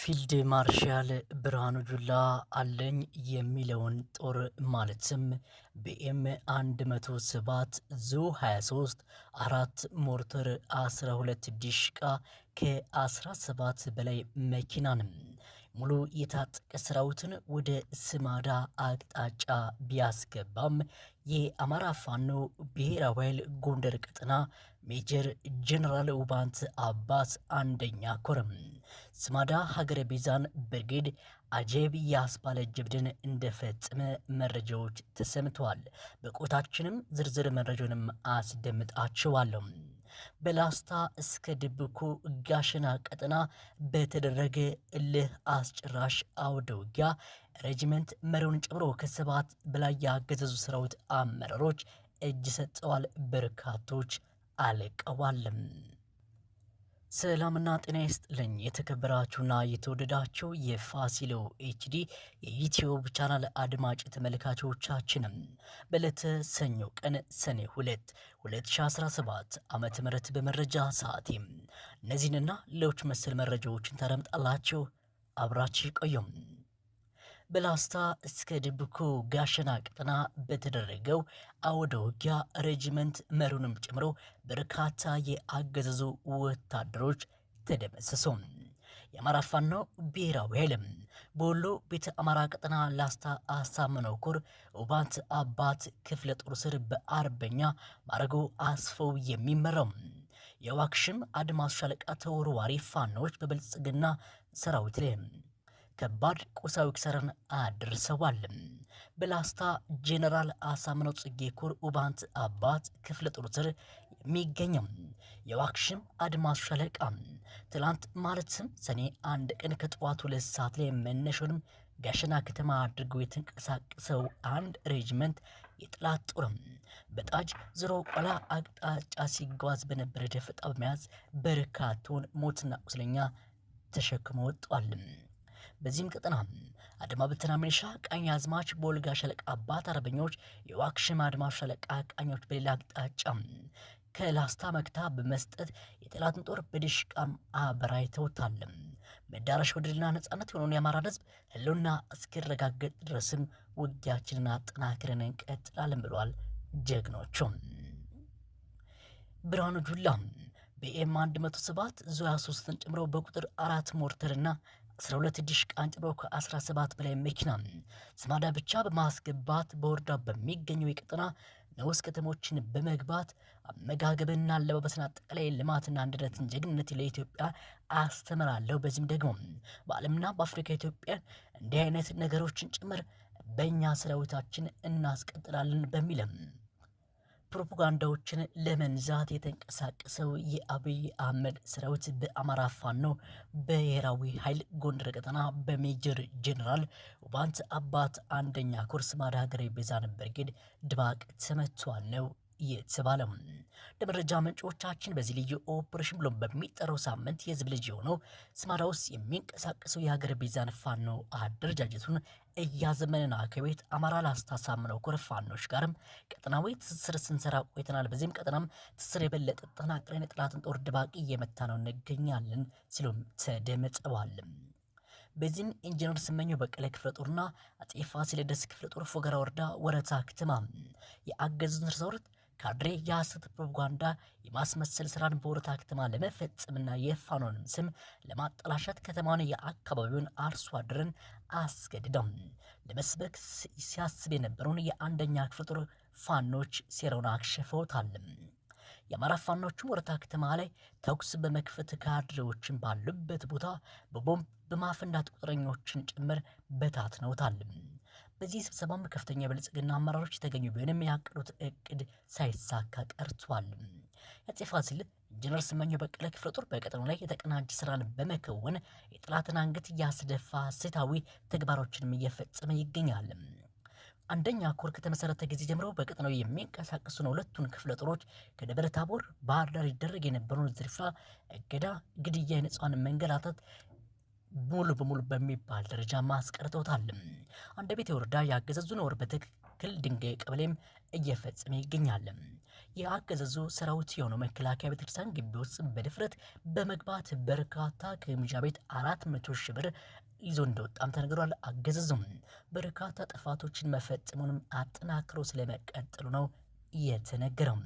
ፊልድ ማርሻል ብርሃኑ ጁላ አለኝ የሚለውን ጦር ማለትም ቢኤም 107 ዙ 23 አራት ሞርተር 12 ዲሽቃ ከ17 በላይ መኪናንም ሙሉ የታጠቀ ሰራዊትን ወደ ስማዳ አቅጣጫ ቢያስገባም የአማራ ፋኖ ብሔራዊ ኃይል ጎንደር ቀጠና ሜጀር ጀነራል ውባንት አባስ አንደኛ ኮርም ስማዳ ሀገረ ቤዛን ብርጌድ አጀብ ያስባለ ጀብድን እንደፈጸመ መረጃዎች ተሰምተዋል። በቆታችንም ዝርዝር መረጃውንም አስደምጣችኋለሁ። በላስታ እስከ ድብኩ ጋሸና ቀጠና በተደረገ እልህ አስጨራሽ አውደ ውጊያ ሬጅመንት መሪውን ጨምሮ ከሰባት በላይ ያገዘዙ ሰራዊት አመራሮች እጅ ሰጠዋል። በርካቶች አልቀዋልም። ሰላምና ጤና ይስጥልኝ የተከበራችሁና የተወደዳችሁ የፋሲሎ ኤችዲ የዩትዩብ ቻናል አድማጭ ተመልካቾቻችንም በዕለተ ሰኞ ቀን ሰኔ 2 2017 ዓ ም በመረጃ ሰዓቴም እነዚህንና ሌሎች መሰል መረጃዎችን ታደምጣላችሁ። አብራችሁ ቆዩም። በላስታ እስከ ድብኮ ጋሸና ቀጠና በተደረገው አወደ ውጊያ ሬጅመንት መሪውንም ጨምሮ በርካታ የአገዛዙ ወታደሮች ተደመሰሱ። የአማራ ፋኖ ብሔራዊ ኃይልም በወሎ ቤተ አማራ ቀጠና ላስታ አሳምነው ኮር ውባንት አባት ክፍለ ጦር ስር በአርበኛ ማረጎ አስፈው የሚመራው የዋክሽም አድማሱ ሻለቃ ተወርዋሪ ፋኖዎች በብልጽግና ሰራዊት ላይ ከባድ ቁሳዊ ክሰርን አድርሰዋል። በላስታ ጄኔራል አሳምነው ጽጌ ኮር ኡባንት አባት ክፍለ ጦር ስር የሚገኘው የዋክሽም አድማስ ሻለቃ ትላንት ማለትም ሰኔ አንድ ቀን ከጠዋቱ ሁለት ሰዓት ላይ መነሻውንም ጋሸና ከተማ አድርጎ የተንቀሳቀሰው አንድ ሬጅመንት የጠላት ጦርም በጣጅ ዝሮ ቆላ አቅጣጫ ሲጓዝ በነበረ ደፈጣ በመያዝ በርካቶን ሞትና ቁስለኛ ተሸክሞ ወጧል። በዚህም ቀጠና አድማ ብተና ሚሊሻ ቀኝ አዝማች በወልጋ ሸለቃ አባት አርበኞች፣ የዋክሽም አድማ ሸለቃ ቃኞች በሌላ አቅጣጫ ከላስታ መክታ በመስጠት የጠላትን ጦር በድሽቃም አበራይተውታል። መዳረሻው ድልና ነጻነት የሆነውን የአማራን ሕዝብ ህልውና እስኪረጋገጥ ድረስም ውጊያችንን አጠናክረን እንቀጥላለን ብሏል። ጀግኖቹ። ብርሃኑ ጁላ በኤም 107 ዙያ 3 ን ጨምሮ በቁጥር አራት ሞርተርና 12 ዲሽ ቃንጭሮ ከ17 በላይ መኪና ስማዳ ብቻ በማስገባት በወረዳ በሚገኘው የቀጠና ንዑስ ከተሞችን በመግባት አመጋገብና አለባበስን፣ አጠቃላይ ልማትና አንድነትን፣ ጀግንነት ለኢትዮጵያ አስተምራለሁ። በዚህም ደግሞ በዓለምና በአፍሪካ ኢትዮጵያ እንዲህ አይነት ነገሮችን ጭምር በእኛ ሰራዊታችን እናስቀጥላለን በሚልም ፕሮፓጋንዳዎችን ለመንዛት የተንቀሳቀሰው የአብይ አህመድ ሰራዊት በአማራ ፋኖ ብሔራዊ ኃይል ጎንደር ቀጠና በሜጀር ጄኔራል ውባንት አባት አንደኛ ኮርስ ማዳገሬ ቤዛን ብርጌድ ድባቅ ተመቷል ነው የተባለ ለመረጃ ምንጮቻችን በዚህ ልዩ ኦፕሬሽን ብሎ በሚጠራው ሳምንት የህዝብ ልጅ የሆነው ስማራ ውስጥ የሚንቀሳቀሰው የሀገር ቤዛን ፋኖ አደረጃጀቱን እያዘመንና ከቤት አማራ ላስታ ሳምነው ፋኖች ጋርም ቀጠናዊ ትስስር ስንሰራ ቆይተናል። በዚህም ቀጠናም ትስስር የበለጠ ጠናቅረን የጠላትን ጦር ድባቂ እየመታ ነው እንገኛለን ሲሉም ተደምጠዋል። በዚህም ኢንጂነር ስመኘው በቀለ ክፍለ ጦርና አጼ ፋሲለደስ ክፍለ ጦር ፎገራ ወረዳ ወረታ ከተማ የአገዙን ሪዞርት ካድሬ የሐሰት ፕሮፓጋንዳ የማስመሰል ስራን በወረታ ከተማ ለመፈጸምና የፋኖንም ስም ለማጠላሸት ከተማውን የአካባቢውን አርሶ አደርን አስገድደም ለመስበክ ሲያስብ የነበረውን የአንደኛ ክፍል ጦር ፋኖች ሴራውን አክሸፈውታል። የአማራ ፋኖቹም ወረታ ከተማ ላይ ተኩስ በመክፈት ካድሬዎችን ባሉበት ቦታ በቦምብ በማፈንዳት ቁጥረኞችን ጭምር በታትነውታል። በዚህ ስብሰባም ከፍተኛ የብልጽግና አመራሮች የተገኙ ቢሆንም ያቀዱት እቅድ ሳይሳካ ቀርቷል። የአፄ ፋሲል ኢንጂነር ስመኘው በቀለ ክፍለ ጦር በቀጠናው ላይ የተቀናጀ ስራን በመከወን የጥላትን አንገት እያስደፋ ሴታዊ ተግባሮችንም እየፈጸመ ይገኛል። አንደኛ ኮር ከተመሰረተ ጊዜ ጀምሮ በቀጠናው የሚንቀሳቀሱን ሁለቱን ክፍለ ጦሮች ከደብረ ታቦር ባህር ዳር ይደረግ የነበረውን ዝርፋ፣ እገዳ፣ ግድያ፣ የነጽዋን መንገላታት ሙሉ በሙሉ በሚባል ደረጃ ማስቀርተውታል። አንደቤቴ ወረዳ የአገዛዙን ወር በትክክል ድንጋይ ቀበሌም እየፈጸመ ይገኛል። የአገዛዙ ሰራዊት የሆነው መከላከያ ቤተክርስቲያን ግቢ ውስጥ በድፍረት በመግባት በርካታ ከግምጃ ቤት አራት መቶ ሺህ ብር ይዞ እንደወጣም ተነግሯል። አገዘዙም በርካታ ጥፋቶችን መፈጸሙንም አጠናክሮ ስለመቀጠሉ ነው የተነገረው።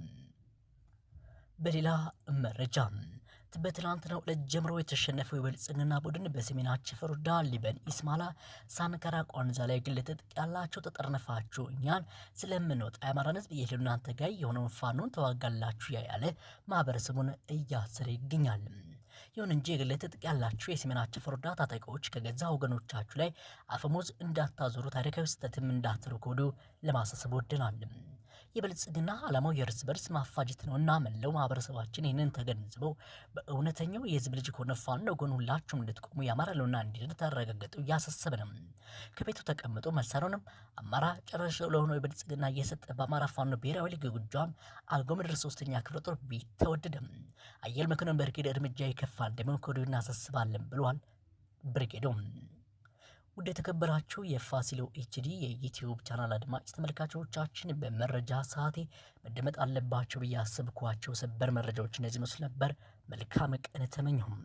በሌላ መረጃ በትናንትናው ዕለት ጀምሮ የተሸነፈው የብልጽግና ቡድን በሰሜን አቸፈርዳ ሊበን ኢስማላ ሳንካራ ቋንዛ ላይ ግል ትጥቅ ያላቸው ተጠርነፋችሁ እኛን ስለምንወጣ የአማራን ህዝብ የሄዱ እናንተ የሆነውን ፋኖን ተዋጋላችሁ ያያለ ማህበረሰቡን እያሰረ ይገኛል። ይሁን እንጂ የግል ትጥቅ ያላችሁ የሰሜን አቸፈርዳ ታጣቂዎች ከገዛ ወገኖቻችሁ ላይ አፈሙዝ እንዳታዞሩ ታሪካዊ ስህተትም እንዳትሩ ኮዱ ለማሳሰብ ወድናል። የብልጽግና ዓላማው የእርስ በርስ ማፋጀት ነው እና መለው ማህበረሰባችን ይህንን ተገንዝበው በእውነተኛው የህዝብ ልጅ ከሆነ ፋኖ ጎን ሁላችሁም እንድትቆሙ የአማራ ህልውና እንዲድን ተረጋገጡ እያሳሰብ ነው። ከቤቱ ተቀምጦ መሳሪያውንም አማራ ጨረሻ ለሆነው የብልጽግና እየሰጠ በአማራ ፋኖ ብሔራዊ ሊግ ጉጃም አገው ምድር ሶስተኛ ክፍለ ጦር ቢተወደደም አየል መኮንን በእርግድ እርምጃ ይከፋል እንደሚሆን ከወዲሁ እናሳስባለን ብሏል ብርጌዶም ውድ የተከበራችሁ የፋሲሎ ኤችዲ የዩቲዩብ ቻናል አድማጭ ተመልካቾቻችን በመረጃ ሰዓቴ መደመጥ አለባቸው ብዬ አሰብኳቸው ሰበር መረጃዎች እነዚህ መስሉ ነበር። መልካም ቀን ተመኘሁም።